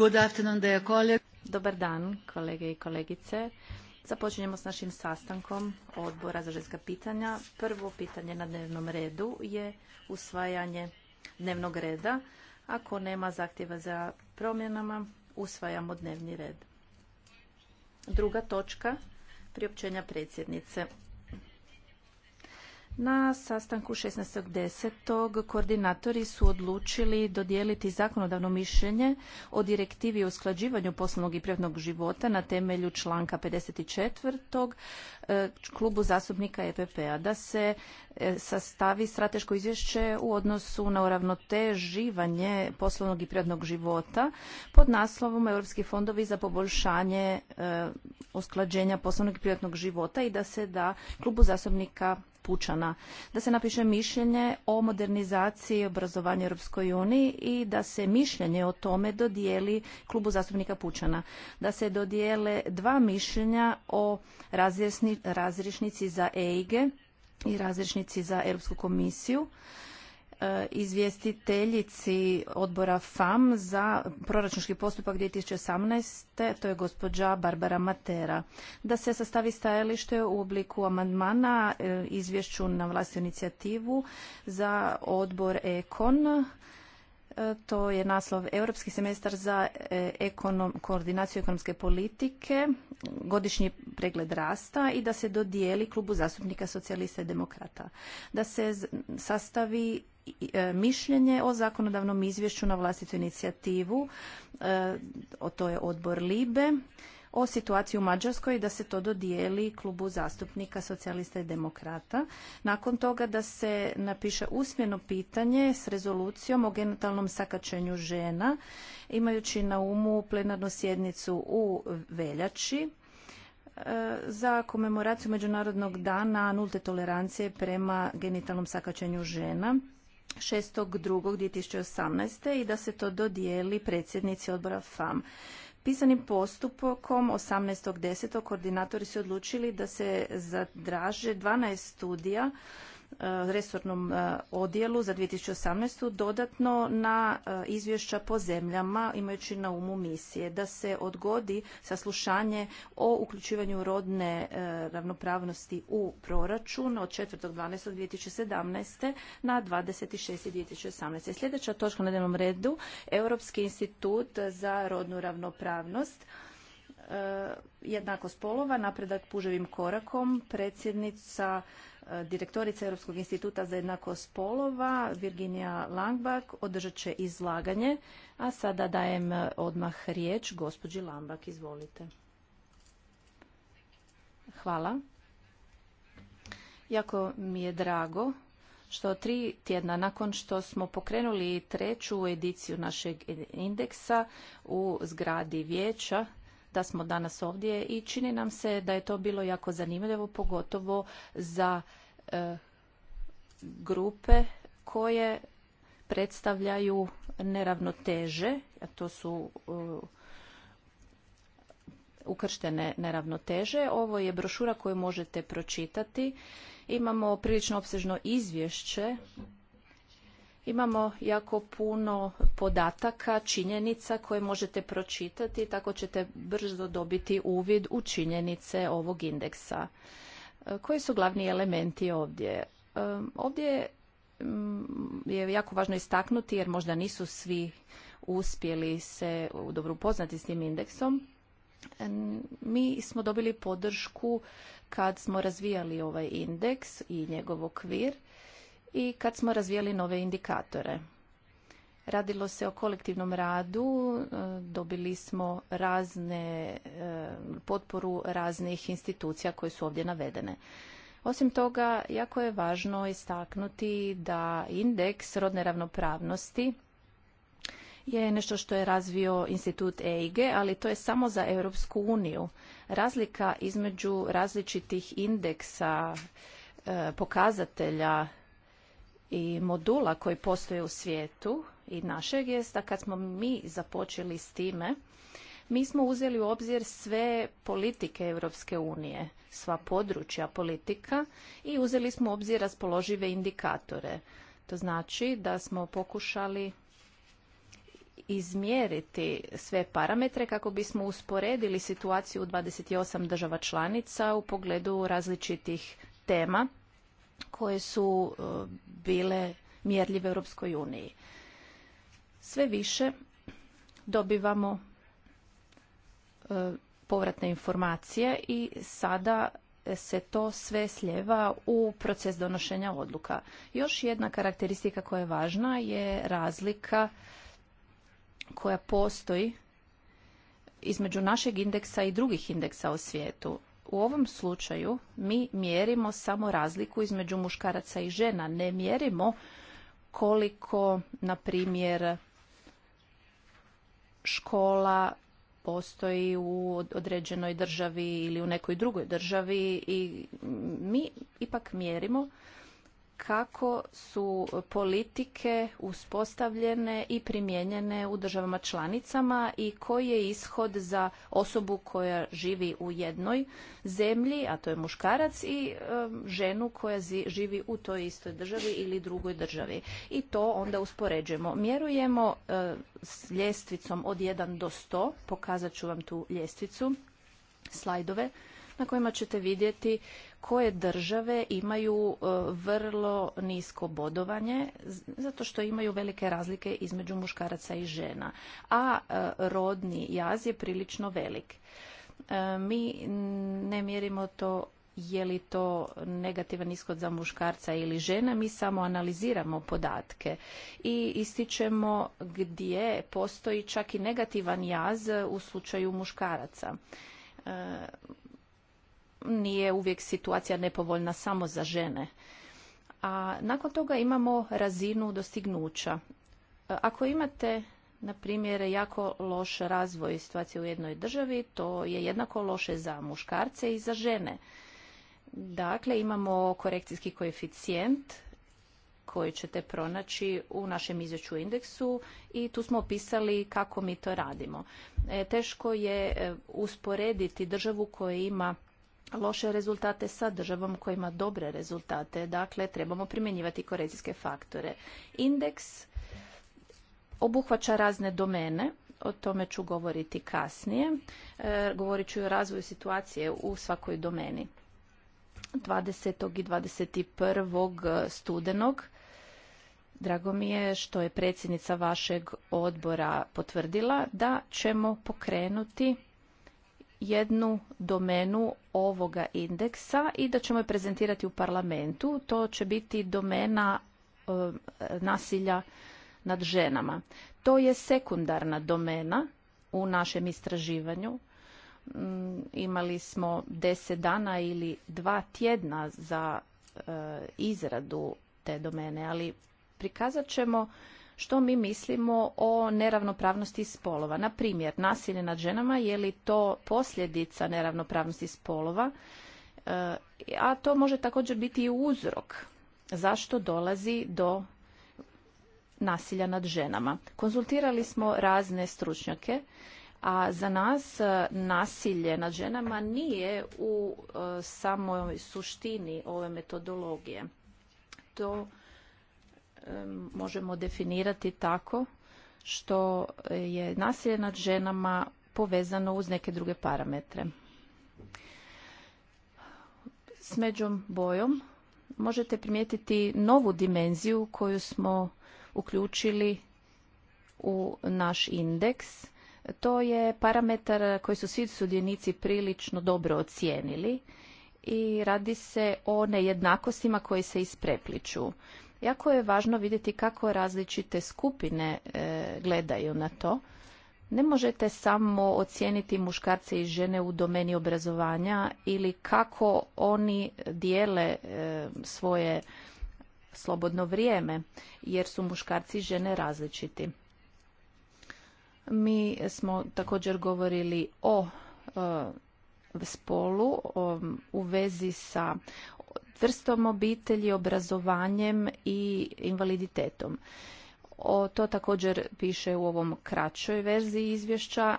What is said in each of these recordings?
Good Dobar dan, kolege i kolegice. Započinjemo s našim sastankom odbora za ženska pitanja. Prvo pitanje na dnevnom redu je usvajanje dnevnog reda. Ako nema zahtjeva za promjenama, usvajamo dnevni red. Druga točka, priopćenja predsjednice. Na sastanku 16.10. koordinatori su odlučili dodijeliti zakonodavno mišljenje o direktivi o usklađivanju poslovnog i privatnog života na temelju članka 54. E, klubu zastupnika EPP-a da se e, sastavi strateško izvješće u odnosu na uravnoteživanje poslovnog i privatnog života pod naslovom Europski fondovi za poboljšanje e, usklađenja poslovnog i privatnog života i da se da klubu zastupnika pučana, da se napiše mišljenje o modernizaciji obrazovanja Europskoj uniji i da se mišljenje o tome dodijeli klubu zastupnika pučana, da se dodijele dva mišljenja o razrišnici za EIGE i razrišnici za Europsku komisiju E, izvjestiteljici odbora FAM za proračunski postupak 2018. To je gospođa Barbara Matera. Da se sastavi stajalište u obliku amandmana e, izvješću na vlastnu inicijativu za odbor EKON. E, to je naslov Europski semestar za koordinaciju ekonomske politike, godišnji pregled rasta i da se dodijeli klubu zastupnika socijalista i demokrata. Da se sastavi E, mišljenje o zakonodavnom izvješću na vlastitu inicijativu, e, o to je odbor LIBE, o situaciji u Mađarskoj da se to dodijeli klubu zastupnika socijalista i demokrata. Nakon toga da se napiše usmjeno pitanje s rezolucijom o genitalnom sakačenju žena, imajući na umu plenarnu sjednicu u veljači e, za komemoraciju Međunarodnog dana nulte tolerancije prema genitalnom sakačenju žena 6.2.2018. i da se to dodijeli predsjednici odbora FAM. Pisanim postupkom 18.10. koordinatori su odlučili da se zadraže 12 studija Eh, resornom eh, odjelu za 2018. dodatno na eh, izvješća po zemljama imajući na umu misije da se odgodi saslušanje o uključivanju rodne ravnopravnosti u proračun od 4.12.2017. na 26.2018. Sljedeća točka na dnevnom redu Europski institut za rodnu ravnopravnost jednakost spolova, napredak puževim korakom, predsjednica Eh, direktorica Europskog instituta za jednakost spolova Virginija Langbak održat će izlaganje, a sada dajem eh, odmah riječ gospođi Langbak, izvolite. Hvala. Jako mi je drago što tri tjedna nakon što smo pokrenuli treću ediciju našeg indeksa u zgradi vijeća da smo danas ovdje i čini nam se da je to bilo jako zanimljivo, pogotovo za e, grupe koje predstavljaju neravnoteže, a to su e, ukrštene neravnoteže. Ovo je brošura koju možete pročitati. Imamo prilično opsežno izvješće Imamo jako puno podataka, činjenica koje možete pročitati, tako ćete brzo dobiti uvid u činjenice ovog indeksa. E, koji su glavni elementi ovdje? E, ovdje mm, je jako važno istaknuti, jer možda nisu svi uspjeli se dobro upoznati s tim indeksom. E, mi smo dobili podršku kad smo razvijali ovaj indeks i njegov okvir i kad smo razvijali nove indikatore. Radilo se o kolektivnom radu, e, dobili smo razne e, potporu raznih institucija koje su ovdje navedene. Osim toga, jako je važno istaknuti da indeks rodne ravnopravnosti je nešto što je razvio institut EIGE, ali to je samo za Europsku uniju. Razlika između različitih indeksa e, pokazatelja i modula koji postoje u svijetu i našeg je da kad smo mi započeli s time, mi smo uzeli u obzir sve politike Europske unije, sva područja politika i uzeli smo u obzir raspoložive indikatore. To znači da smo pokušali izmjeriti sve parametre kako bismo usporedili situaciju u 28 država članica u pogledu različitih tema koje su e, bile mjerljive u Europskoj uniji. Sve više dobivamo e, povratne informacije i sada se to sve sljeva u proces donošenja odluka. Još jedna karakteristika koja je važna je razlika koja postoji između našeg indeksa i drugih indeksa u svijetu. U ovom slučaju mi mjerimo samo razliku između muškaraca i žena. Ne mjerimo koliko, na primjer, škola postoji u određenoj državi ili u nekoj drugoj državi i mi ipak mjerimo kako su politike uspostavljene i primijenjene u državama članicama i koji je ishod za osobu koja živi u jednoj zemlji, a to je muškarac, i ženu koja živi u toj istoj državi ili drugoj državi. I to onda uspoređujemo. Mjerujemo e, s ljestvicom od 1 do 100, pokazat ću vam tu ljestvicu, slajdove na kojima ćete vidjeti koje države imaju e, vrlo nisko bodovanje zato što imaju velike razlike između muškaraca i žena, a e, rodni jaz je prilično velik. E, mi ne mjerimo to je li to negativan ishod za muškarca ili žena, mi samo analiziramo podatke i ističemo gdje postoji čak i negativan jaz u slučaju muškaraca nije uvijek situacija nepovoljna samo za žene. A nakon toga imamo razinu dostignuća. E, ako imate na primjer, jako loš razvoj situacije u jednoj državi, to je jednako loše za muškarce i za žene. Dakle, imamo korekcijski koeficijent koji ćete pronaći u našem izvješću indeksu i tu smo opisali kako mi to radimo. E, teško je e, usporediti državu koja ima loše rezultate sa državom koja ima dobre rezultate. Dakle, trebamo primjenjivati korecijske faktore. Indeks obuhvaća razne domene, o tome ću govoriti kasnije. E, govorit ću o razvoju situacije u svakoj domeni. 20. i 21. studenog Drago mi je što je predsjednica vašeg odbora potvrdila da ćemo pokrenuti jednu domenu ovoga indeksa i da ćemo je prezentirati u parlamentu. To će biti domena e, nasilja nad ženama. To je sekundarna domena u našem istraživanju. Mm, imali smo deset dana ili dva tjedna za e, izradu te domene, ali prikazat ćemo što mi mislimo o neravnopravnosti spolova. Na primjer, nasilje nad ženama, je li to posljedica neravnopravnosti spolova, e, a to može također biti i uzrok zašto dolazi do nasilja nad ženama. Konzultirali smo razne stručnjake, a za nas e, nasilje nad ženama nije u e, samoj suštini ove metodologije. To možemo definirati tako što je nasilje nad ženama povezano uz neke druge parametre. S međom bojom možete primijetiti novu dimenziju koju smo uključili u naš indeks. To je parametar koji su svi sudjenici prilično dobro ocijenili i radi se o nejednakostima koje se isprepliču. Jako je važno vidjeti kako različite skupine e, gledaju na to. Ne možete samo ocijeniti muškarce i žene u domeni obrazovanja ili kako oni dijele e, svoje slobodno vrijeme, jer su muškarci i žene različiti. Mi smo također govorili o e, spolu u vezi sa vrstom obitelji, obrazovanjem i invaliditetom. O, to također piše u ovom kraćoj verziji izvješća,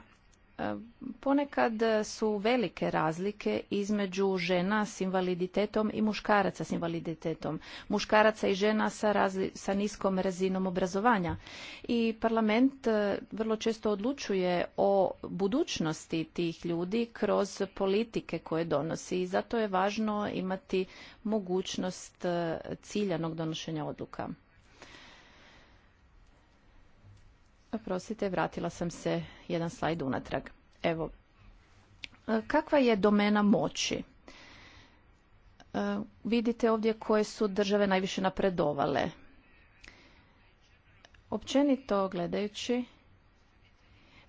E, ponekad su velike razlike između žena s invaliditetom i muškaraca s invaliditetom, muškaraca i žena sa, sa niskom razinom obrazovanja. I parlament e, vrlo često odlučuje o budućnosti tih ljudi kroz politike koje donosi i zato je važno imati mogućnost e, ciljanog donošenja odluka. Oprostite, vratila sam se jedan slajd unatrag. Evo, e, kakva je domena moći? E, vidite ovdje koje su države najviše napredovale. Općenito gledajući,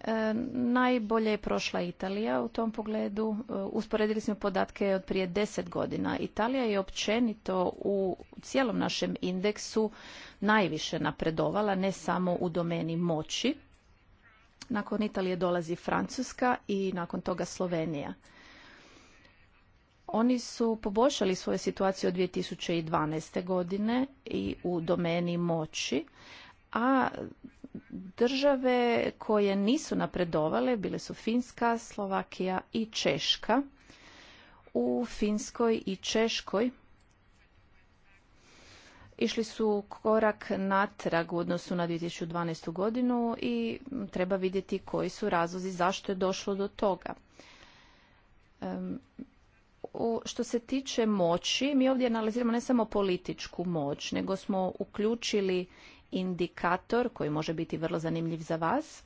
E, najbolje je prošla Italija u tom pogledu. E, usporedili smo podatke od prije deset godina. Italija je općenito u cijelom našem indeksu najviše napredovala, ne samo u domeni moći. Nakon Italije dolazi Francuska i nakon toga Slovenija. Oni su poboljšali svoju situaciju od 2012. godine i u domeni moći, a Države koje nisu napredovale bile su Finska, Slovakija i Češka. U Finskoj i Češkoj išli su korak natrag u odnosu na 2012. godinu i treba vidjeti koji su razlozi zašto je došlo do toga. u, što se tiče moći, mi ovdje analiziramo ne samo političku moć, nego smo uključili indikator koji može biti vrlo zanimljiv za vas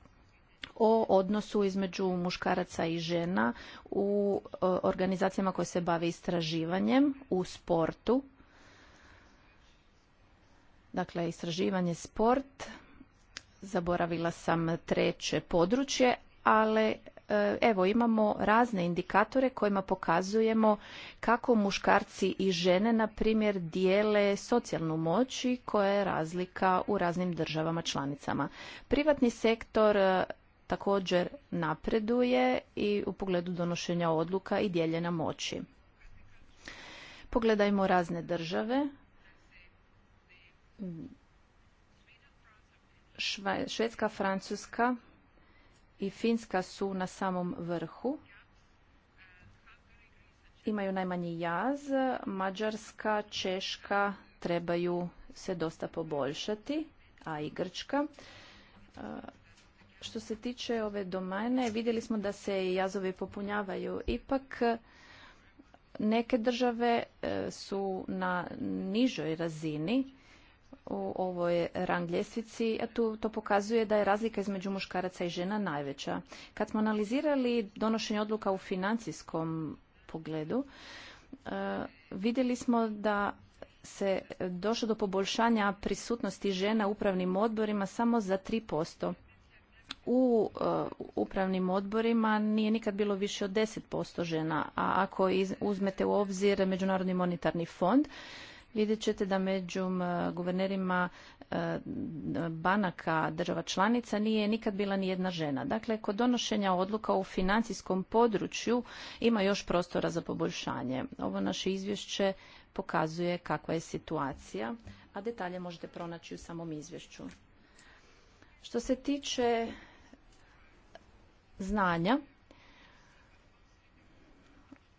o odnosu između muškaraca i žena u e, organizacijama koje se bave istraživanjem u sportu. Dakle, istraživanje sport. Zaboravila sam treće područje, ali E, evo imamo razne indikatore kojima pokazujemo kako muškarci i žene na primjer dijele socijalnu moć i koja je razlika u raznim državama članicama. Privatni sektor e, također napreduje i u pogledu donošenja odluka i dijeljena moći. Pogledajmo razne države. Švedska, Francuska, i Finska su na samom vrhu. Imaju najmanji jaz. Mađarska, Češka trebaju se dosta poboljšati, a i Grčka. E, što se tiče ove domene, vidjeli smo da se jazovi popunjavaju. Ipak, neke države e, su na nižoj razini u ovoj rang ljestvici, a tu to pokazuje da je razlika između muškaraca i žena najveća. Kad smo analizirali donošenje odluka u financijskom pogledu, e, vidjeli smo da se došlo do poboljšanja prisutnosti žena u upravnim odborima samo za 3%. E, u upravnim odborima nije nikad bilo više od 10% žena, a ako uzmete u obzir Međunarodni monetarni fond, vidjet ćete da među guvernerima e, banaka država članica nije nikad bila ni jedna žena. Dakle, kod donošenja odluka u financijskom području ima još prostora za poboljšanje. Ovo naše izvješće pokazuje kakva je situacija, a detalje možete pronaći u samom izvješću. Što se tiče znanja,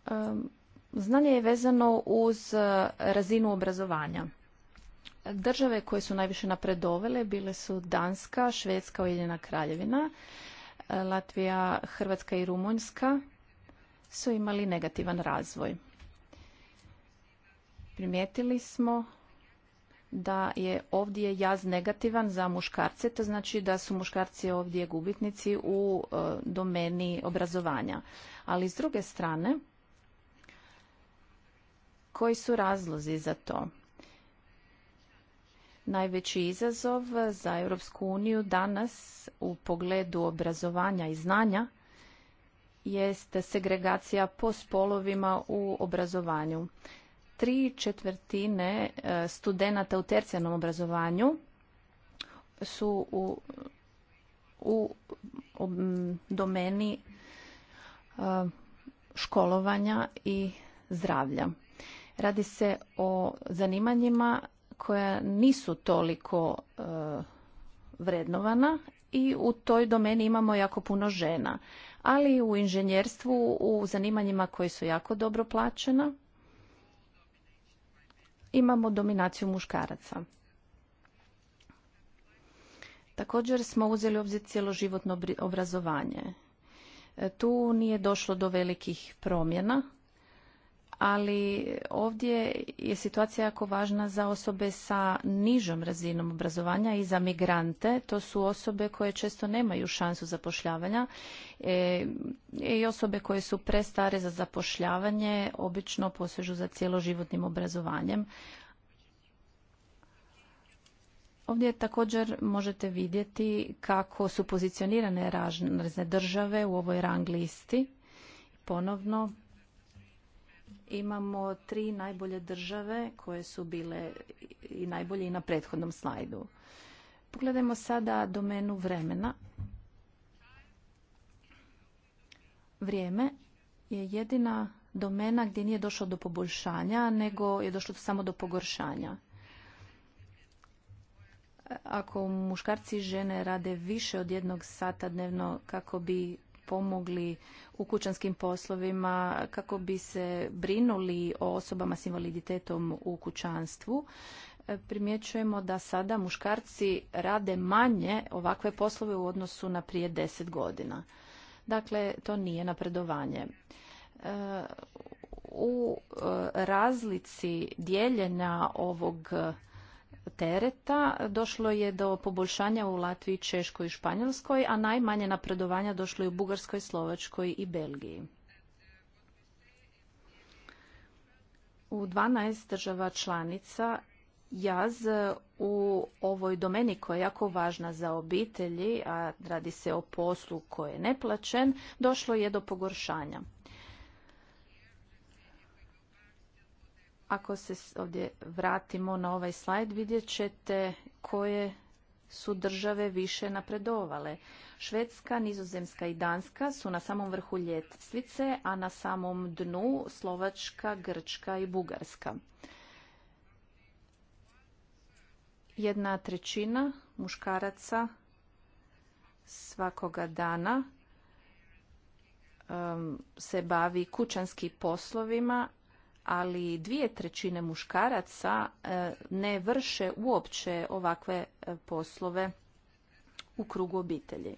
e, Znanje je vezano uz e, razinu obrazovanja. Države koje su najviše napredovele bile su Danska, Švedska, Ujedinjena kraljevina, e, Latvija, Hrvatska i Rumunjska su imali negativan razvoj. Primijetili smo da je ovdje jaz negativan za muškarce, to znači da su muškarci ovdje gubitnici u e, domeni obrazovanja. Ali s druge strane, koji su razlozi za to? Najveći izazov za Europsku uniju danas u pogledu obrazovanja i znanja jest segregacija po spolovima u obrazovanju. Tri četvrtine e, studenata u tercijarnom obrazovanju su u, u domeni e, školovanja i zdravlja. Radi se o zanimanjima koja nisu toliko e, vrednovana i u toj domeni imamo jako puno žena. Ali u inženjerstvu, u zanimanjima koji su jako dobro plaćena, imamo dominaciju muškaraca. Također smo uzeli u obzir cjeloživotno obrazovanje. E, tu nije došlo do velikih promjena ali ovdje je situacija jako važna za osobe sa nižom razinom obrazovanja i za migrante. To su osobe koje često nemaju šansu zapošljavanja e, e i osobe koje su prestare za zapošljavanje obično posežu za cijeloživotnim obrazovanjem. Ovdje također možete vidjeti kako su pozicionirane razne države u ovoj rang listi. Ponovno, imamo tri najbolje države koje su bile i najbolje i na prethodnom slajdu. Pogledajmo sada domenu vremena. Vrijeme je jedina domena gdje nije došlo do poboljšanja, nego je došlo samo do pogoršanja. Ako muškarci i žene rade više od jednog sata dnevno kako bi pomogli u kućanskim poslovima kako bi se brinuli o osobama s invaliditetom u kućanstvu e, primjećujemo da sada muškarci rade manje ovakve poslove u odnosu na prije deset godina. Dakle, to nije napredovanje. E, u e, razlici dijeljenja ovog tereta došlo je do poboljšanja u Latviji, Češkoj i Španjolskoj, a najmanje napredovanja došlo je u Bugarskoj, Slovačkoj i Belgiji. U 12 država članica jaz u ovoj domeni koja je jako važna za obitelji, a radi se o poslu koji je neplaćen, došlo je do pogoršanja. Ako se ovdje vratimo na ovaj slajd, vidjet ćete koje su države više napredovale. Švedska, Nizozemska i Danska su na samom vrhu ljetstvice, a na samom dnu Slovačka, Grčka i Bugarska. Jedna trećina muškaraca svakoga dana um, se bavi kućanskim poslovima, ali dvije trećine muškaraca e, ne vrše uopće ovakve e, poslove u krugu obitelji.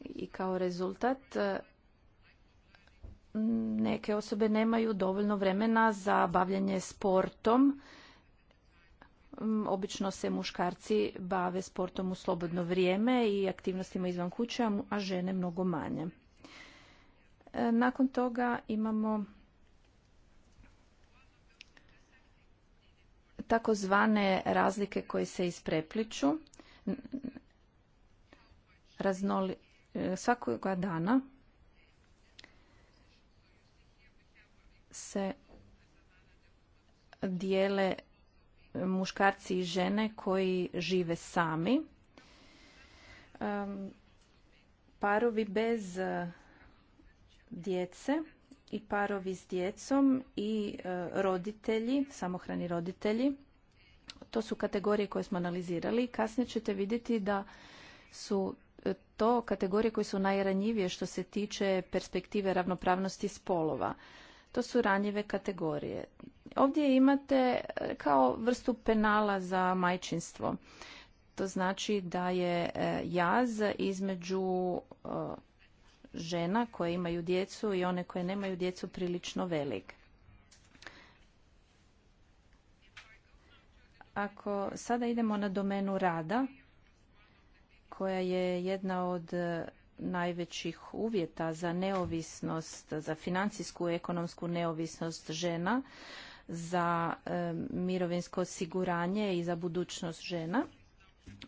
I kao rezultat e, neke osobe nemaju dovoljno vremena za bavljanje sportom. Mm, obično se muškarci bave sportom u slobodno vrijeme i aktivnostima izvan kuće, a žene mnogo manje. Nakon toga imamo takozvane razlike koje se isprepliču raznoli, e, svakoga dana se dijele muškarci i žene koji žive sami. Parovi bez djece i parovi s djecom i e, roditelji, samohrani roditelji. To su kategorije koje smo analizirali. Kasnije ćete vidjeti da su e, to kategorije koje su najranjivije što se tiče perspektive ravnopravnosti spolova. To su ranjive kategorije. Ovdje imate e, kao vrstu penala za majčinstvo. To znači da je jaz između žena koje imaju djecu i one koje nemaju djecu prilično velik. Ako sada idemo na domenu rada, koja je jedna od e, najvećih uvjeta za neovisnost, za financijsku i ekonomsku neovisnost žena, za e, mirovinsko osiguranje i za budućnost žena.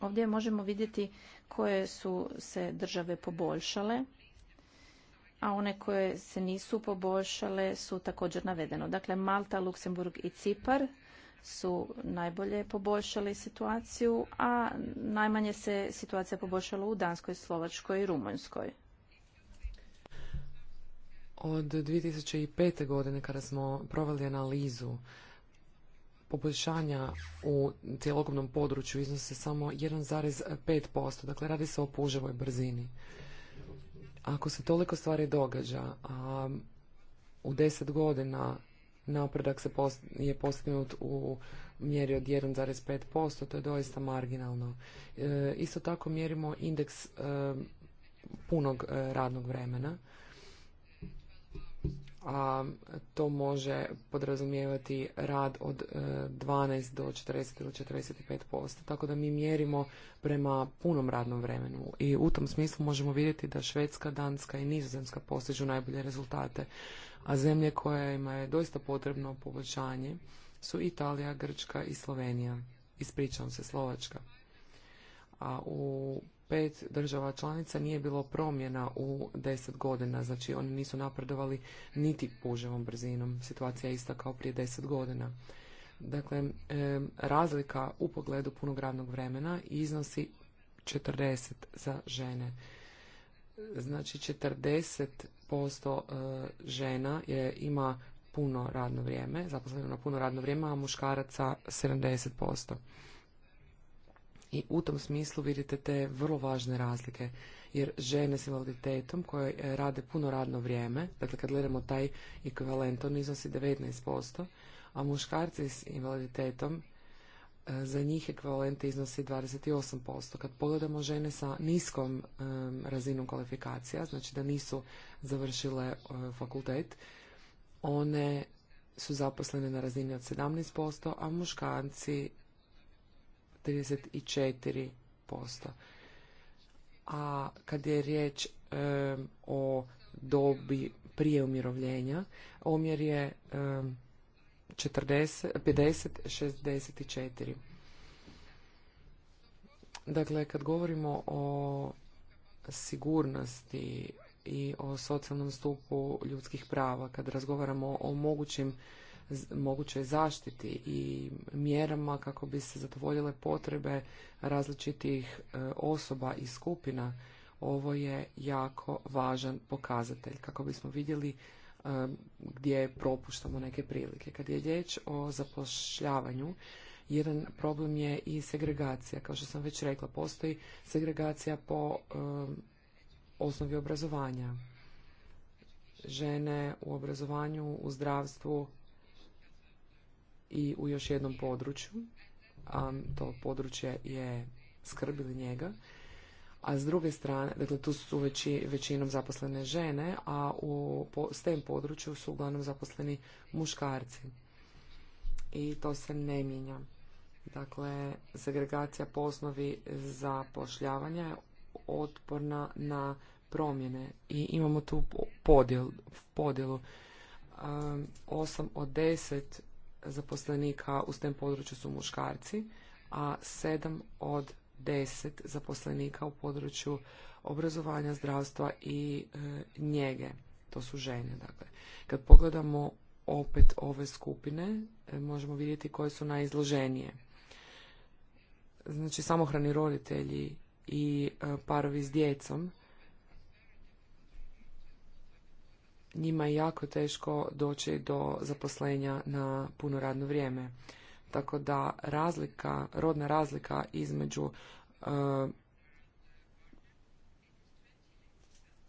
Ovdje možemo vidjeti koje su se države poboljšale a one koje se nisu poboljšale su također navedeno. Dakle, Malta, Luksemburg i Cipar su najbolje poboljšali situaciju, a najmanje se situacija poboljšala u Danskoj, Slovačkoj i Rumunjskoj. Od 2005. godine kada smo proveli analizu poboljšanja u cjelokupnom području iznose samo 1,5%. Dakle, radi se o puževoj brzini. Ako se toliko stvari događa, a u deset godina napredak se post je postignut u mjeri od 1,5%, to je doista marginalno. E, isto tako mjerimo indeks e, punog e, radnog vremena a to može podrazumijevati rad od 12 e, do 40 ili 45%. Tako da mi mjerimo prema punom radnom vremenu i u tom smislu možemo vidjeti da Švedska, Danska i Nizozemska postižu najbolje rezultate, a zemlje kojima je doista potrebno poboljšanje su Italija, Grčka i Slovenija. Ispričavam se, Slovačka. A u pet država članica nije bilo promjena u deset godina, znači oni nisu napredovali niti puževom brzinom. Situacija je ista kao prije deset godina. Dakle, razlika u pogledu punog radnog vremena iznosi 40 za žene. Znači 40% e, žena je, ima puno radno vrijeme, zaposleno na puno radno vrijeme, a muškaraca 70%. I u tom smislu vidite te vrlo važne razlike, jer žene s invaliditetom koje e, rade puno radno vrijeme, dakle kad gledamo taj ekvivalent, on iznosi 19%, a muškarci s invaliditetom e, za njih ekvivalent iznosi 28%. Kad pogledamo žene sa niskom e, razinom kvalifikacija, znači da nisu završile fakultet, one su zaposlene na razini od 17%, a muškarci 34%. A kad je riječ o dobi prije umirovljenja, omjer je e, 50, 64. Dakle, kad govorimo o sigurnosti i o socijalnom stupu ljudskih prava, kad razgovaramo o mogućim mogućoj zaštiti i mjerama kako bi se zadovoljile potrebe različitih e, osoba i skupina. Ovo je jako važan pokazatelj kako bismo vidjeli e, gdje propuštamo neke prilike. Kad je riječ o zapošljavanju, jedan problem je i segregacija. Kao što sam već rekla, postoji segregacija po e, osnovi obrazovanja. Žene u obrazovanju, u zdravstvu i u još jednom području, a to područje je ili njega, a s druge strane, dakle tu su veći, većinom zaposlene žene, a u tem području su uglavnom zaposleni muškarci. I to se ne mijenja. Dakle, segregacija po osnovi zapošljavanja je otporna na promjene i imamo tu podjel, podjelu. 8 od 10 zaposlenika u STEM području su muškarci, a 7 od 10 zaposlenika u području obrazovanja, zdravstva i e, njege. To su žene, dakle. Kad pogledamo opet ove skupine, e, možemo vidjeti koje su najizloženije. Znači, samohrani roditelji i e, parovi s djecom njima je jako teško doći do zaposlenja na puno radno vrijeme. Tako da razlika, rodna razlika između e,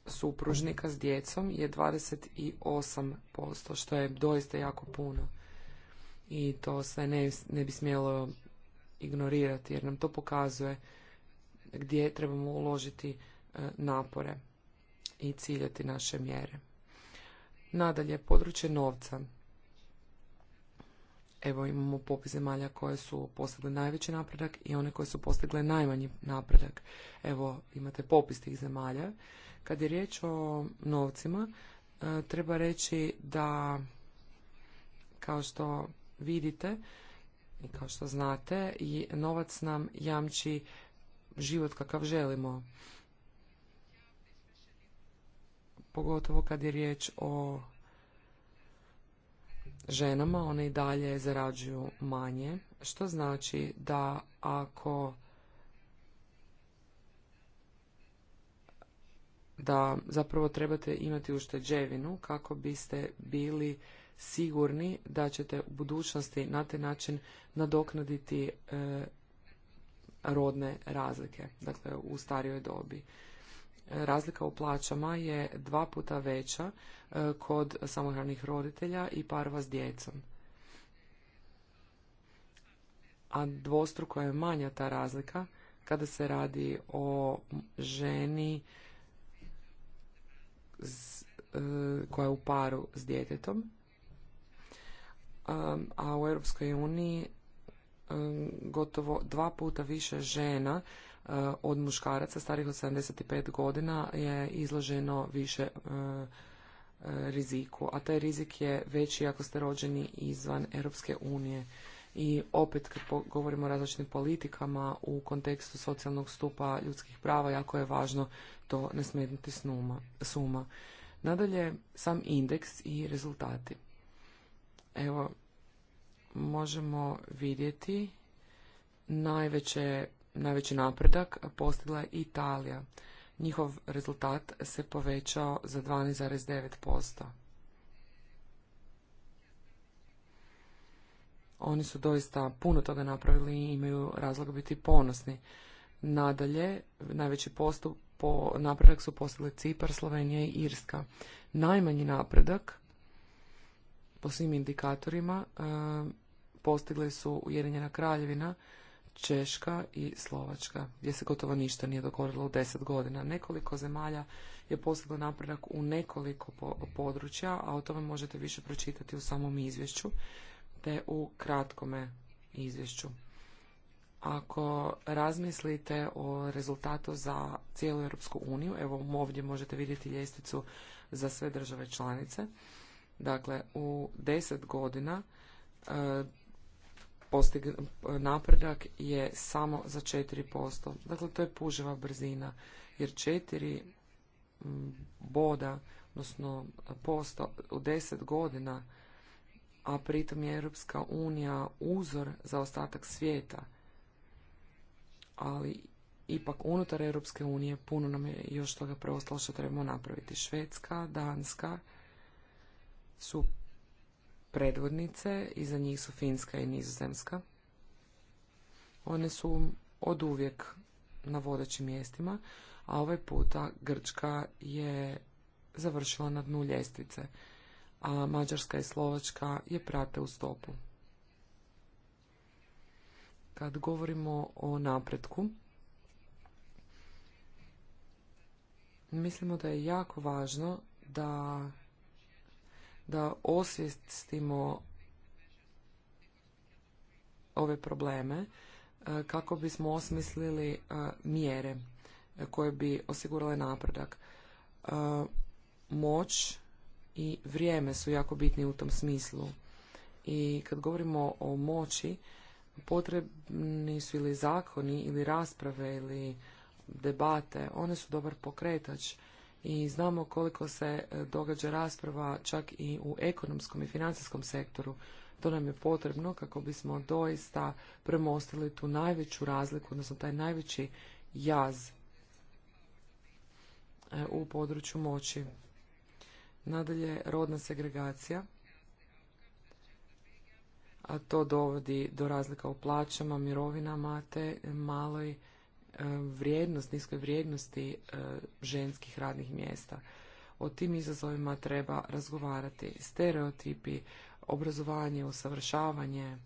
supružnika s djecom je 28%, što je doista jako puno. I to se ne, ne bi smjelo ignorirati, jer nam to pokazuje gdje trebamo uložiti e, napore i ciljati naše mjere. Nadalje, područje novca. Evo imamo popis zemalja koje su postigle najveći napredak i one koje su postigle najmanji napredak. Evo imate popis tih zemalja. Kad je riječ o novcima, e, treba reći da kao što vidite i kao što znate, i novac nam jamči život kakav želimo pogotovo kad je riječ o ženama, one i dalje zarađuju manje, što znači da ako da zapravo trebate imati ušteđevinu kako biste bili sigurni da ćete u budućnosti na taj način nadoknaditi e, rodne razlike, dakle u starijoj dobi razlika u plaćama je dva puta veća e, kod samohranih roditelja i parova s djecom. A dvostruko je manja ta razlika kada se radi o ženi e, koja je u paru s djetetom. E, a u Europskoj uniji gotovo dva puta više žena E, od muškaraca starih od 75 godina je izloženo više e, e, riziku, a taj rizik je veći ako ste rođeni izvan Europske unije. I opet kad govorimo o različitim politikama u kontekstu socijalnog stupa ljudskih prava, jako je važno to ne smetnuti suma. Nadalje, sam indeks i rezultati. Evo, možemo vidjeti najveće najveći napredak postigla je Italija. Njihov rezultat se povećao za 12,9%. Oni su doista puno toga napravili i imaju razlog biti ponosni. Nadalje, najveći postup, po, napredak su postigli Cipar, Slovenija i Irska. Najmanji napredak po svim indikatorima eh, postigli su Ujedinjena kraljevina Češka i Slovačka, gdje se gotovo ništa nije dogodilo u deset godina. Nekoliko zemalja je postiglo napredak u nekoliko područja, a o tome možete više pročitati u samom izvješću, te u kratkome izvješću. Ako razmislite o rezultatu za cijelu Europsku uniju, evo ovdje možete vidjeti ljestvicu za sve države članice. Dakle, u deset godina e, napredak je samo za 4%. Dakle, to je puževa brzina, jer 4 boda, odnosno posto u 10 godina, a pritom je Europska unija uzor za ostatak svijeta, ali ipak unutar Europske unije puno nam je još toga preostalo što trebamo napraviti. Švedska, Danska su predvodnice, iza njih su Finska i Nizozemska. One su oduvijek na vodećim mjestima, a ovaj puta Grčka je završila na dnu ljestvice, a Mađarska i Slovačka je prate u stopu. Kad govorimo o napretku, mislimo da je jako važno da da osvijestimo ove probleme e, kako bismo osmislili e, mjere e, koje bi osigurale napredak. Moć i vrijeme su jako bitni u tom smislu. I kad govorimo o moći, potrebni su ili zakoni ili rasprave ili debate. One su dobar pokretač i znamo koliko se e, događa rasprava čak i u ekonomskom i financijskom sektoru. To nam je potrebno kako bismo doista premostili tu najveću razliku, odnosno taj najveći jaz e, u području moći. Nadalje, rodna segregacija, a to dovodi do razlika u plaćama, mirovinama, te maloj E, vrijednost, niskoj vrijednosti e, ženskih radnih mjesta. O tim izazovima treba razgovarati. Stereotipi, obrazovanje, usavršavanje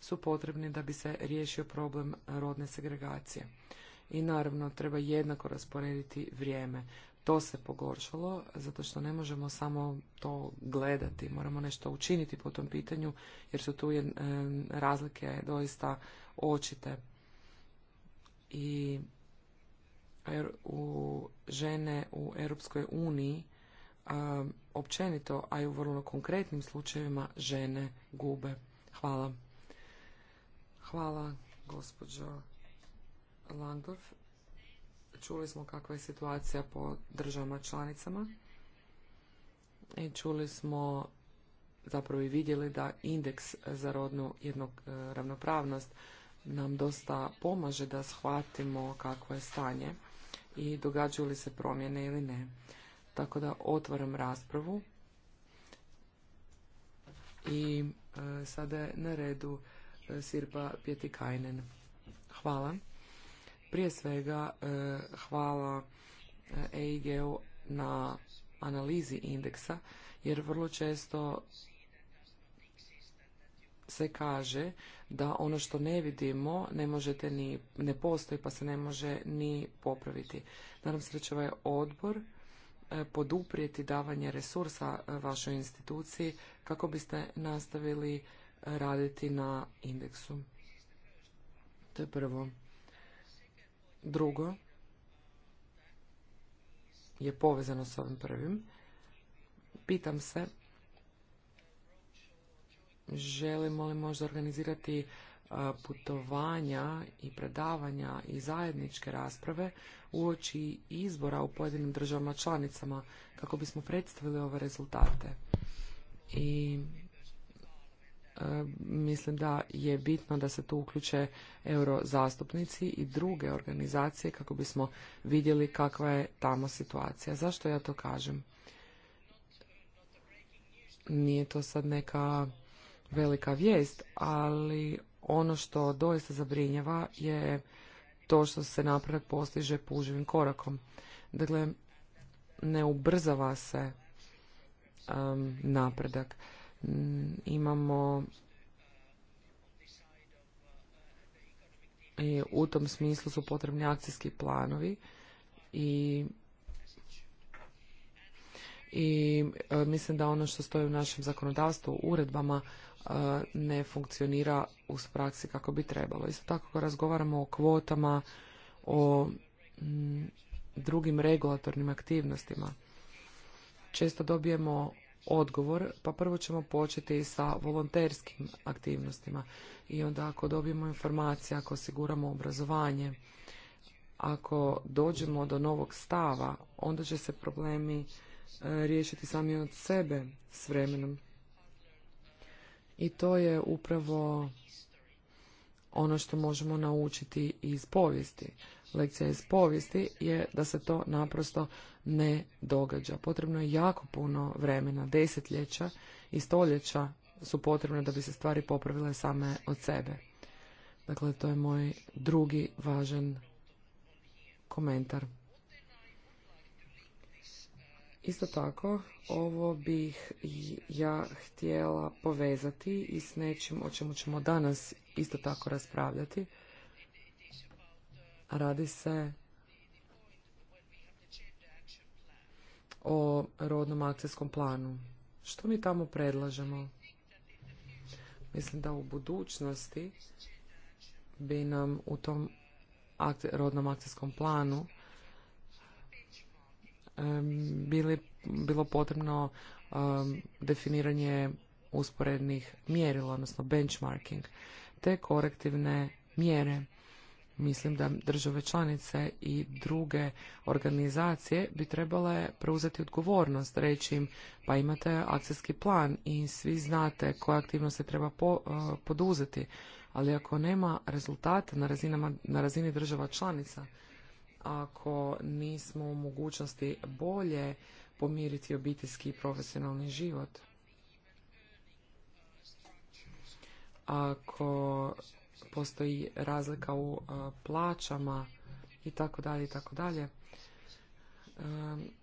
su potrebni da bi se riješio problem rodne segregacije. I naravno treba jednako rasporediti vrijeme. To se pogoršalo zato što ne možemo samo to gledati, moramo nešto učiniti po tom pitanju jer su tu e, razlike doista očite i u žene u Europskoj uniji općenito, a i u vrlo konkretnim slučajevima žene gube. Hvala. Hvala, gospođo Landorf. Čuli smo kakva je situacija po državama članicama i čuli smo zapravo i vidjeli da indeks za rodnu jednog e, ravnopravnost nam dosta pomaže da shvatimo kakvo je stanje i događaju li se promjene ili ne. Tako da otvaram raspravu i e, sada je na redu e, Sirpa Pjetikajnen. Hvala. Prije svega e, hvala EIG-u na analizi indeksa, jer vrlo često se kaže da ono što ne vidimo ne možete ni, ne postoji pa se ne može ni popraviti. Nadam se da će ovaj odbor e, poduprijeti davanje resursa e, vašoj instituciji kako biste nastavili raditi na indeksu. To je prvo. Drugo je povezano s ovim prvim. Pitam se Želimo li možda organizirati e, putovanja i predavanja i zajedničke rasprave uoči izbora u pojedinim državama članicama kako bismo predstavili ove rezultate. I e, mislim da je bitno da se tu uključe euro zastupnici i druge organizacije kako bismo vidjeli kakva je tamo situacija. Zašto ja to kažem? Nije to sad neka velika vijest, ali ono što doista zabrinjava je to što se napredak postiže puživim korakom. Dakle, ne ubrzava se um, napredak. Mm, imamo i u tom smislu su potrebni akcijski planovi i i e, mislim da ono što stoji u našem zakonodavstvu, uredbama, E, ne funkcionira u praksi kako bi trebalo. Isto tako razgovaramo o kvotama, o drugim regulatornim aktivnostima. Često dobijemo odgovor, pa prvo ćemo početi sa volonterskim aktivnostima i onda ako dobijemo informacije, ako osiguramo obrazovanje, ako dođemo do novog stava, onda će se problemi e, riješiti sami od sebe s vremenom i to je upravo ono što možemo naučiti iz povijesti. Lekcija iz povijesti je da se to naprosto ne događa. Potrebno je jako puno vremena, desetljeća i stoljeća su potrebne da bi se stvari popravile same od sebe. Dakle, to je moj drugi važan komentar. Isto tako, ovo bih ja htjela povezati i s nečim o čemu ćemo danas isto tako raspravljati. Radi se o rodnom akcijskom planu. Što mi tamo predlažemo? Mislim da u budućnosti bi nam u tom rodnom akcijskom planu bilo potrebno definiranje usporednih mjerila, odnosno benchmarking, te korektivne mjere. Mislim da države članice i druge organizacije bi trebale preuzeti odgovornost, reći im pa imate akcijski plan i svi znate koja aktivnost se treba eh, poduzeti, ali ako nema rezultata na, razinama, na razini država članica, ako nismo u mogućnosti bolje pomiriti obiteljski i profesionalni život. Ako postoji razlika u plaćama i tako dalje i tako dalje.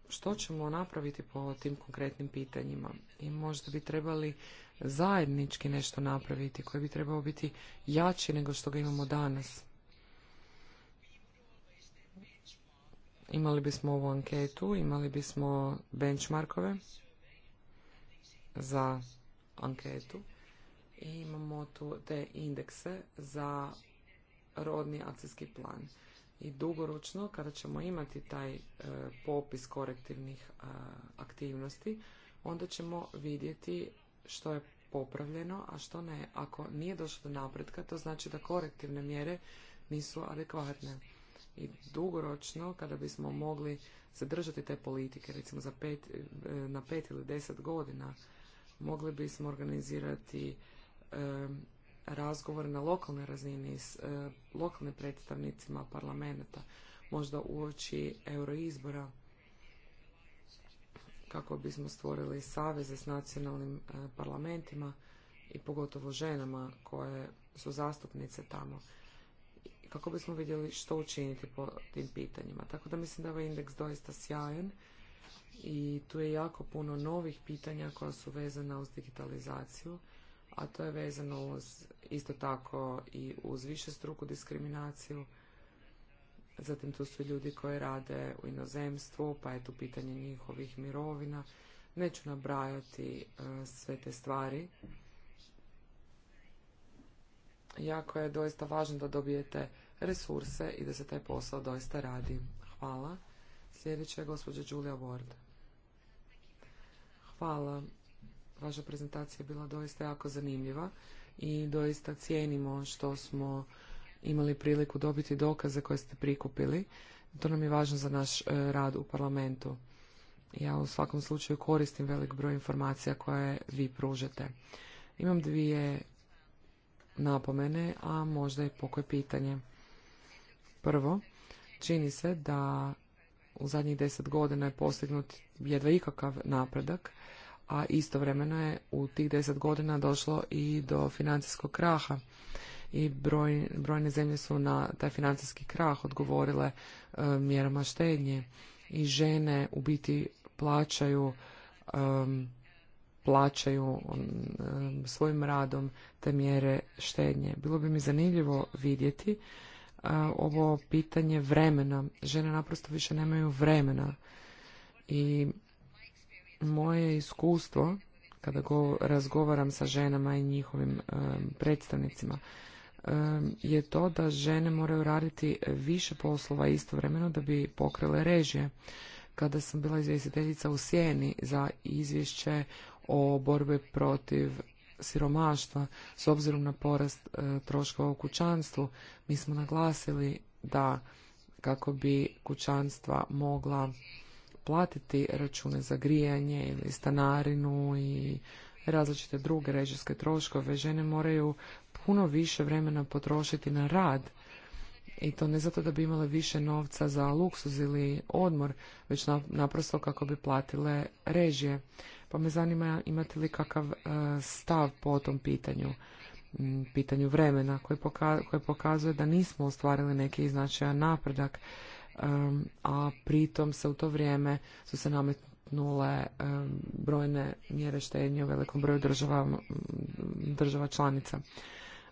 Što ćemo napraviti po tim konkretnim pitanjima? I možda bi trebali zajednički nešto napraviti koje bi trebao biti jači nego što ga imamo danas. imali bismo ovu anketu, imali bismo benchmarkove za anketu i imamo tu te indekse za rodni akcijski plan. I dugoročno, kada ćemo imati taj e, popis korektivnih e, aktivnosti, onda ćemo vidjeti što je popravljeno, a što ne. Ako nije došlo do napretka, to znači da korektivne mjere nisu adekvatne i dugoročno kada bismo mogli zadržati te politike, recimo za e, na pet ili deset godina, mogli bismo organizirati e, razgovor na lokalnoj razini s e, lokalnim predstavnicima parlamenta, možda uoči euroizbora kako bismo stvorili saveze s nacionalnim e, parlamentima i pogotovo ženama koje su zastupnice tamo ako bismo vidjeli što učiniti po tim pitanjima. Tako da mislim da je ovaj indeks doista sjajan i tu je jako puno novih pitanja koja su vezana uz digitalizaciju, a to je vezano uz isto tako i uz više struku diskriminaciju. Zatim tu su ljudi koji rade u inozemstvu, pa je tu pitanje njihovih mirovina. Neću nabrajati e, sve te stvari. Jako je doista važno da dobijete resurse i da se taj posao doista radi. Hvala. Sljedeća je gospođa Julia Ward. Hvala. Vaša prezentacija je bila doista jako zanimljiva i doista cijenimo što smo imali priliku dobiti dokaze koje ste prikupili. To nam je važno za naš e, rad u parlamentu. Ja u svakom slučaju koristim velik broj informacija koje vi pružete. Imam dvije napomene, a možda i pokoje pitanje. Prvo, čini se da u zadnjih deset godina je postignut jedva ikakav napredak, a istovremeno je u tih deset godina došlo i do financijskog kraha i broj, brojne zemlje su na taj financijski krah odgovorile e, mjerama štednje i žene u biti plaćaju e, plaćaju e, svojim radom te mjere štednje. Bilo bi mi zanimljivo vidjeti ovo pitanje vremena. Žene naprosto više nemaju vremena. I moje iskustvo, kada go razgovaram sa ženama i njihovim e, predstavnicima, e, je to da žene moraju raditi više poslova istovremeno da bi pokrile režije. Kada sam bila izvjestiteljica u Sjeni za izvješće o borbi protiv siromaštva s obzirom na porast e, troškova u kućanstvu. Mi smo naglasili da kako bi kućanstva mogla platiti račune za grijanje ili stanarinu i različite druge režijske troškove, žene moraju puno više vremena potrošiti na rad i to ne zato da bi imale više novca za luksuz ili odmor, već naprosto kako bi platile režije pa me zanima imate li kakav e, stav po tom pitanju, pitanju vremena koje pokazuje da nismo ostvarili neki značajan napredak, e, a pritom se u to vrijeme su se nametnule e, brojne mjere štednje u velikom broju država, država članica.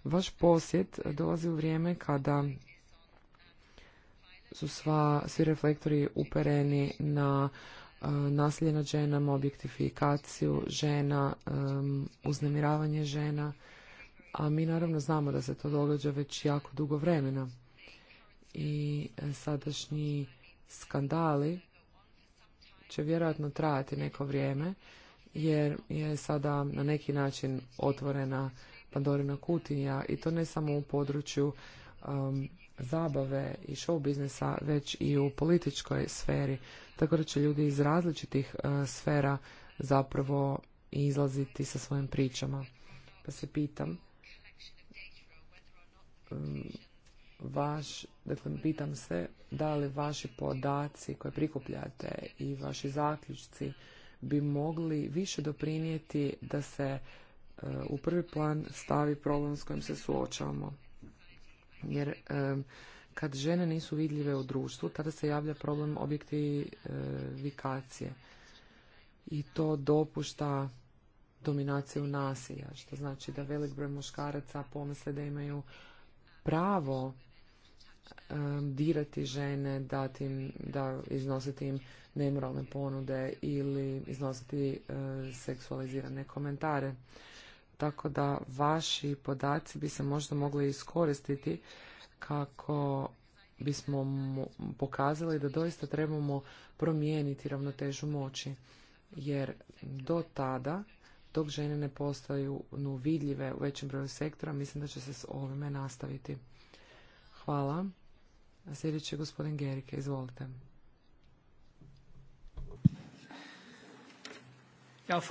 Vaš posjet dolazi u vrijeme kada su sva, svi reflektori upereni na nasilje nad ženama, objektifikaciju žena, uznemiravanje žena, a mi naravno znamo da se to događa već jako dugo vremena. I e, sadašnji skandali će vjerojatno trajati neko vrijeme, jer je sada na neki način otvorena Pandorina kutinja i to ne samo u području zabave i show biznesa, već i u političkoj sferi tako da će ljudi iz različitih e, sfera zapravo izlaziti sa svojim pričama. Pa se pitam, mm, vaš, dakle, pitam se da li vaši podaci koje prikupljate i vaši zaključci bi mogli više doprinijeti da se e, u prvi plan stavi problem s kojim se suočavamo. Jer kad žene nisu vidljive u društvu, tada se javlja problem objektivikacije. I to dopušta dominaciju nasilja, što znači da velik broj muškaraca pomisle da imaju pravo dirati žene, dati im, da iznositi im nemoralne ponude ili iznositi e, seksualizirane komentare. Tako da vaši podaci bi se možda mogli iskoristiti kako bismo pokazali da doista trebamo promijeniti ravnotežu moći. Jer do tada, dok žene ne postaju vidljive u većem broju sektora, mislim da će se s ovime nastaviti. Hvala. A sljedeći je gospodin Gerike, izvolite. Ja,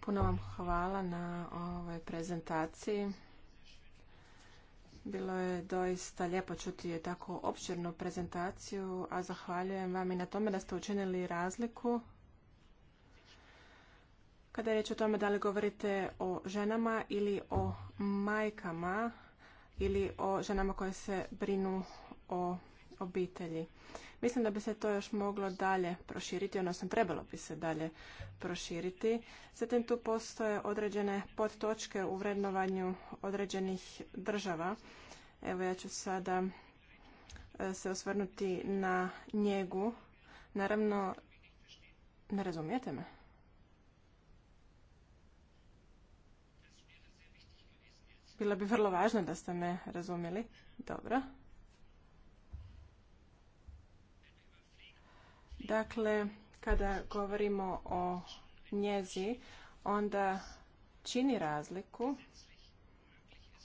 Puno vam hvala na ovoj prezentaciji. Bilo je doista lijepo čuti tako opširnu prezentaciju, a zahvaljujem vam i na tome da ste učinili razliku kada je riječ o tome da li govorite o ženama ili o majkama ili o ženama koje se brinu o obitelji. Mislim da bi se to još moglo dalje proširiti, odnosno trebalo bi se dalje proširiti. Zatim tu postoje određene podtočke u vrednovanju određenih država. Evo ja ću sada e, se osvrnuti na njegu. Naravno, ne razumijete me? Bilo bi vrlo važno da ste me razumjeli. Dobro. Dakle, kada govorimo o njezi, onda čini razliku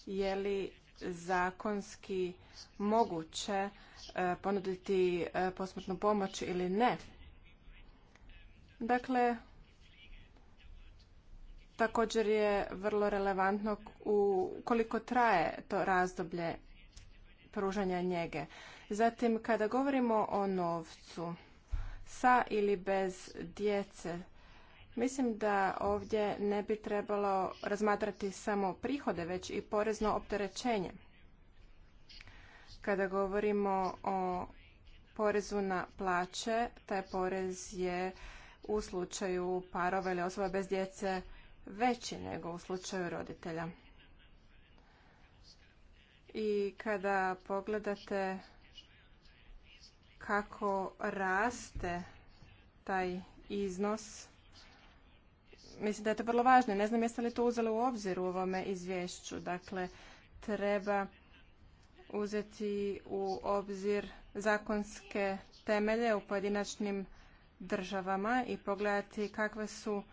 je li zakonski moguće e, ponuditi e, posmrtnu pomoć ili ne. Dakle, također je vrlo relevantno u koliko traje to razdoblje pružanja njege. Zatim, kada govorimo o novcu, sa ili bez djece. Mislim da ovdje ne bi trebalo razmatrati samo prihode, već i porezno opterećenje. Kada govorimo o porezu na plaće, taj porez je u slučaju parova ili osoba bez djece veći nego u slučaju roditelja. I kada pogledate kako raste taj iznos. Mislim da je to vrlo važno. Ne znam jeste li to uzeli u obzir u ovome izvješću. Dakle, treba uzeti u obzir zakonske temelje u pojedinačnim državama i pogledati kakve su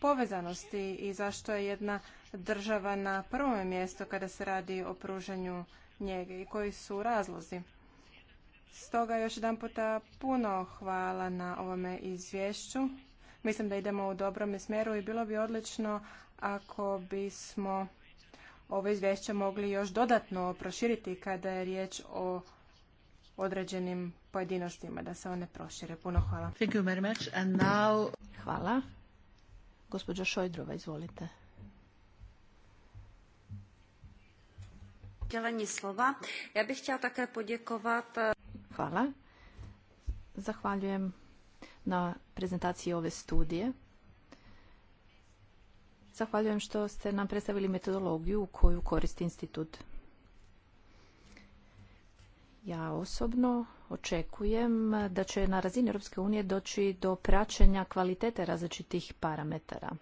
povezanosti i zašto je jedna država na prvom mjestu kada se radi o pružanju njege i koji su razlozi. Stoga još jedan puta puno hvala na ovome izvješću. Mislim da idemo u dobrom smjeru i bilo bi odlično ako bismo ovo izvješće mogli još dodatno proširiti kada je riječ o određenim pojedinostima, da se one prošire. Puno hvala. Thank you very much. And now... Hvala. Šojdrova, izvolite. Dělení slova. Já také poděkovat eh, Hvala. Zahvaljujem na prezentaciji ove studije. Zahvaljujem što ste nam predstavili metodologiju koju koristi institut. Ja osobno očekujem da će na razini Europske unije doći do praćenja kvalitete različitih parametara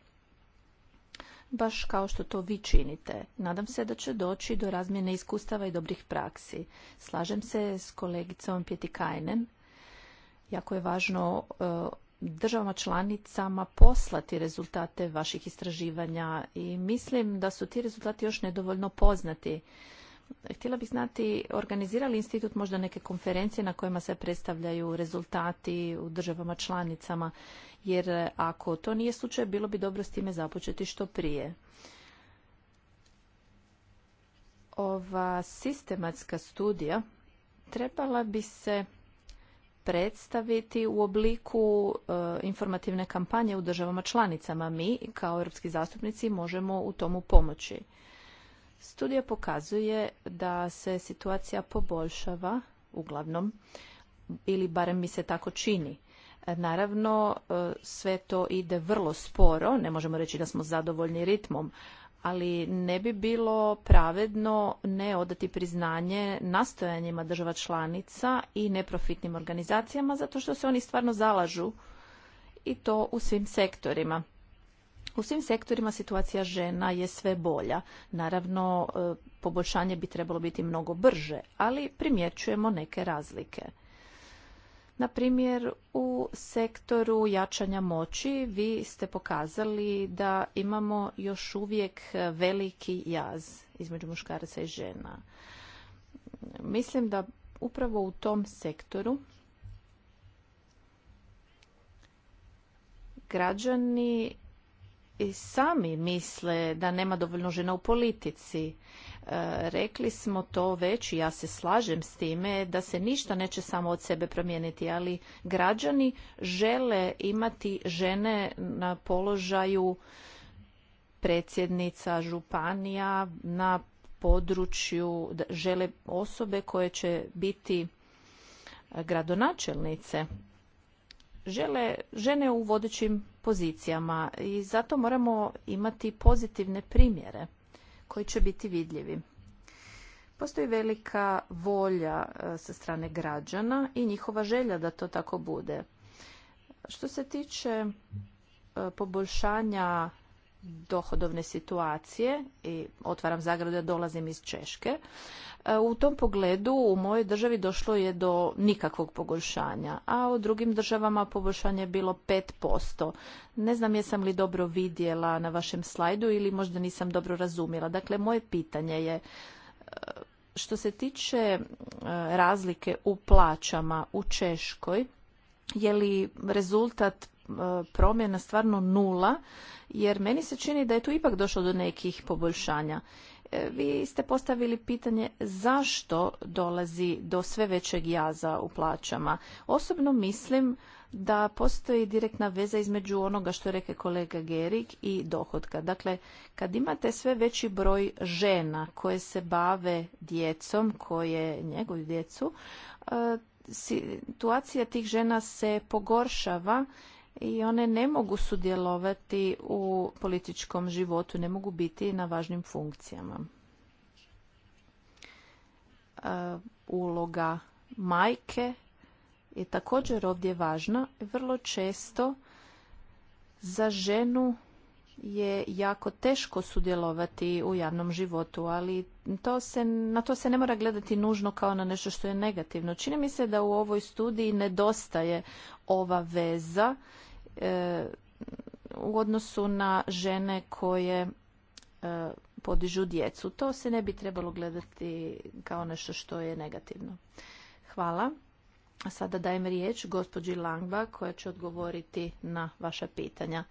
baš kao što to vi činite. Nadam se da će doći do razmjene iskustava i dobrih praksi. Slažem se s kolegicom Pjetikajnen. Jako je važno e, državama članicama poslati rezultate vaših istraživanja i mislim da su ti rezultati još nedovoljno poznati. Htjela bih znati, organizirali institut možda neke konferencije na kojima se predstavljaju rezultati u državama članicama, jer ako to nije slučaj, bilo bi dobro s time započeti što prije. Ova sistematska studija trebala bi se predstaviti u obliku e, informativne kampanje u državama članicama. Mi kao europski zastupnici možemo u tomu pomoći. Studija pokazuje da se situacija poboljšava uglavnom ili barem mi se tako čini. Naravno, e, sve to ide vrlo sporo, ne možemo reći da smo zadovoljni ritmom, ali ne bi bilo pravedno ne odati priznanje nastojanjima država članica i neprofitnim organizacijama zato što se oni stvarno zalažu i to u svim sektorima. U svim sektorima situacija žena je sve bolja. Naravno, e, poboljšanje bi trebalo biti mnogo brže, ali primjećujemo neke razlike. Na primjer, u sektoru jačanja moći vi ste pokazali da imamo još uvijek veliki jaz između muškaraca i žena. Mislim da upravo u tom sektoru građani i sami misle da nema dovoljno žena u politici. E, rekli smo to već i ja se slažem s time da se ništa neće samo od sebe promijeniti, ali građani žele imati žene na položaju predsjednica županija na području, žele osobe koje će biti gradonačelnice žele žene u vodećim pozicijama i zato moramo imati pozitivne primjere koji će biti vidljivi. Postoji velika volja e, sa strane građana i njihova želja da to tako bude. Što se tiče e, poboljšanja dohodovne situacije i otvaram Zagradu da dolazim iz Češke. E, u tom pogledu u mojoj državi došlo je do nikakvog poboljšanja, a u drugim državama poboljšanje je bilo 5%. Ne znam jesam li dobro vidjela na vašem slajdu ili možda nisam dobro razumjela. Dakle, moje pitanje je e, što se tiče e, razlike u plaćama u Češkoj, je li rezultat promjena stvarno nula, jer meni se čini da je tu ipak došlo do nekih poboljšanja. E, vi ste postavili pitanje zašto dolazi do sve većeg jaza u plaćama. Osobno mislim da postoji direktna veza između onoga što je rekao kolega Gerig i dohodka. Dakle, kad imate sve veći broj žena koje se bave djecom, koje njeguju djecu, e, situacija tih žena se pogoršava i one ne mogu sudjelovati u političkom životu, ne mogu biti na važnim funkcijama. E, uloga majke je također ovdje važna. Vrlo često za ženu je jako teško sudjelovati u javnom životu, ali to se, na to se ne mora gledati nužno kao na nešto što je negativno. Čini mi se da u ovoj studiji nedostaje ova veza e, u odnosu na žene koje e, podižu djecu. To se ne bi trebalo gledati kao nešto što je negativno. Hvala. Sada dajem riječ gospođi Langba koja će odgovoriti na vaša pitanja.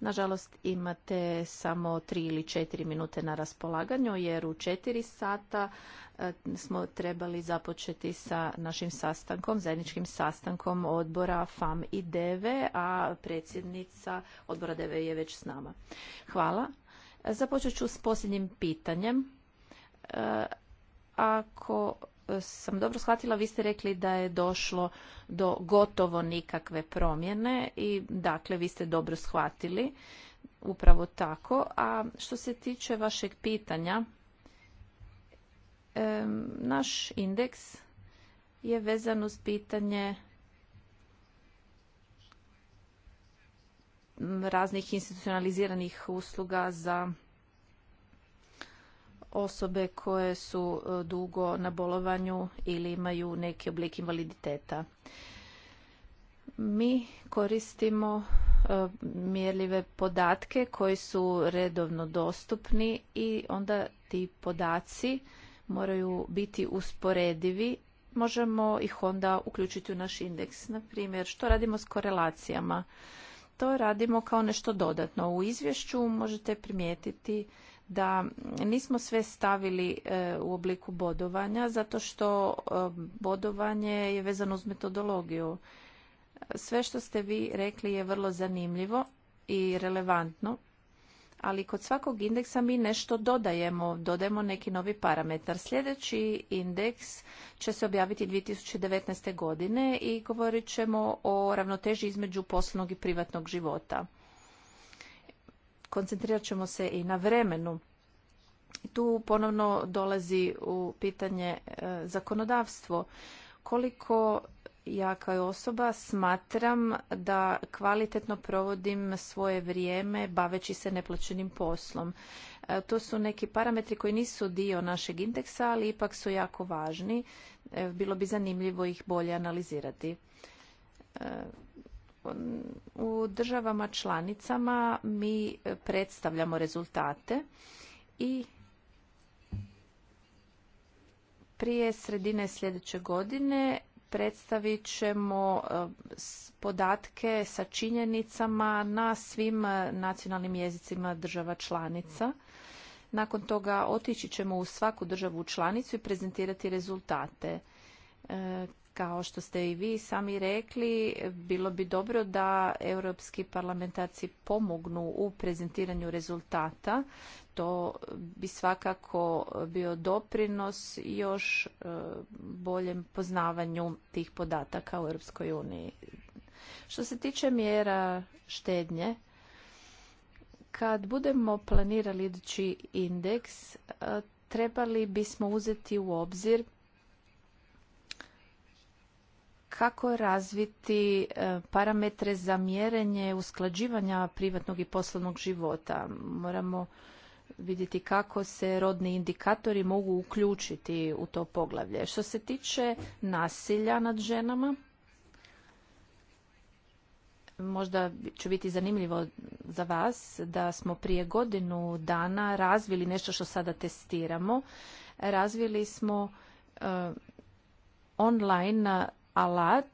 Nažalost imate samo tri ili četiri minute na raspolaganju jer u četiri sata e, smo trebali započeti sa našim sastankom, zajedničkim sastankom odbora FAM i DEVE, a predsjednica odbora DEVE je već s nama. Hvala. E, započet ću s posljednjim pitanjem. E, ako sam dobro shvatila, vi ste rekli da je došlo do gotovo nikakve promjene i dakle vi ste dobro shvatili upravo tako. A što se tiče vašeg pitanja, naš indeks je vezan uz pitanje raznih institucionaliziranih usluga za osobe koje su e, dugo na bolovanju ili imaju neki oblik invaliditeta. Mi koristimo e, mjerljive podatke koji su redovno dostupni i onda ti podaci moraju biti usporedivi. Možemo ih onda uključiti u naš indeks. Na primjer, što radimo s korelacijama? To radimo kao nešto dodatno. U izvješću možete primijetiti da nismo sve stavili e, u obliku bodovanja zato što e, bodovanje je vezano uz metodologiju. Sve što ste vi rekli je vrlo zanimljivo i relevantno, ali kod svakog indeksa mi nešto dodajemo, dodajemo neki novi parametar. Sljedeći indeks će se objaviti 2019. godine i govorit ćemo o ravnoteži između poslovnog i privatnog života koncentrirat ćemo se i na vremenu. Tu ponovno dolazi u pitanje e, zakonodavstvo. Koliko ja kao osoba smatram da kvalitetno provodim svoje vrijeme baveći se neplaćenim poslom. E, to su neki parametri koji nisu dio našeg indeksa, ali ipak su jako važni. E, bilo bi zanimljivo ih bolje analizirati u državama članicama mi predstavljamo rezultate i prije sredine sljedeće godine predstavit ćemo e, podatke sa činjenicama na svim e, nacionalnim jezicima država članica. Nakon toga otići ćemo u svaku državu članicu i prezentirati rezultate. E, kao što ste i vi sami rekli, bilo bi dobro da europski parlamentarci pomognu u prezentiranju rezultata. To bi svakako bio doprinos još e, boljem poznavanju tih podataka u Europskoj uniji. Što se tiče mjera štednje, kad budemo planirali idući indeks, e, trebali bismo uzeti u obzir kako razviti e, parametre za mjerenje usklađivanja privatnog i poslovnog života. Moramo vidjeti kako se rodni indikatori mogu uključiti u to poglavlje. Što se tiče nasilja nad ženama, možda će biti zanimljivo za vas da smo prije godinu dana razvili nešto što sada testiramo. Razvili smo e, online alat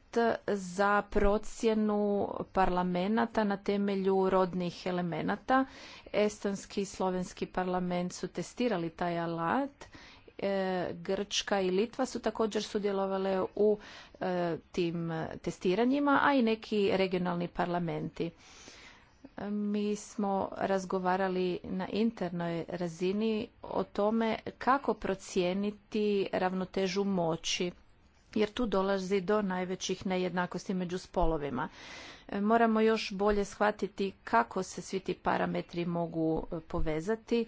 za procjenu parlamenata na temelju rodnih elemenata. Estonski i slovenski parlament su testirali taj alat. E, Grčka i Litva su također sudjelovale u e, tim testiranjima, a i neki regionalni parlamenti. E, mi smo razgovarali na internoj razini o tome kako procijeniti ravnotežu moći jer tu dolazi do najvećih nejednakosti među spolovima. E, moramo još bolje shvatiti kako se svi ti parametri mogu e, povezati,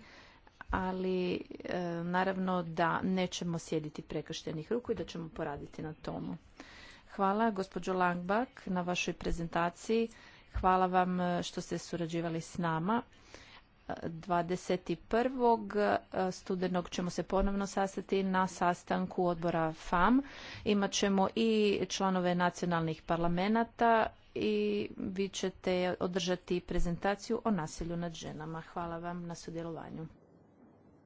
ali e, naravno da nećemo sjediti prekrštenih ruku i da ćemo poraditi na tomu. Hvala gospođo Langbak na vašoj prezentaciji. Hvala vam što ste surađivali s nama. 21. E, studenog ćemo se ponovno sastati na sastanku odbora FAM. Imat ćemo i članove nacionalnih parlamenta i vi ćete održati prezentaciju o nasilju nad ženama. Hvala vam na sudjelovanju.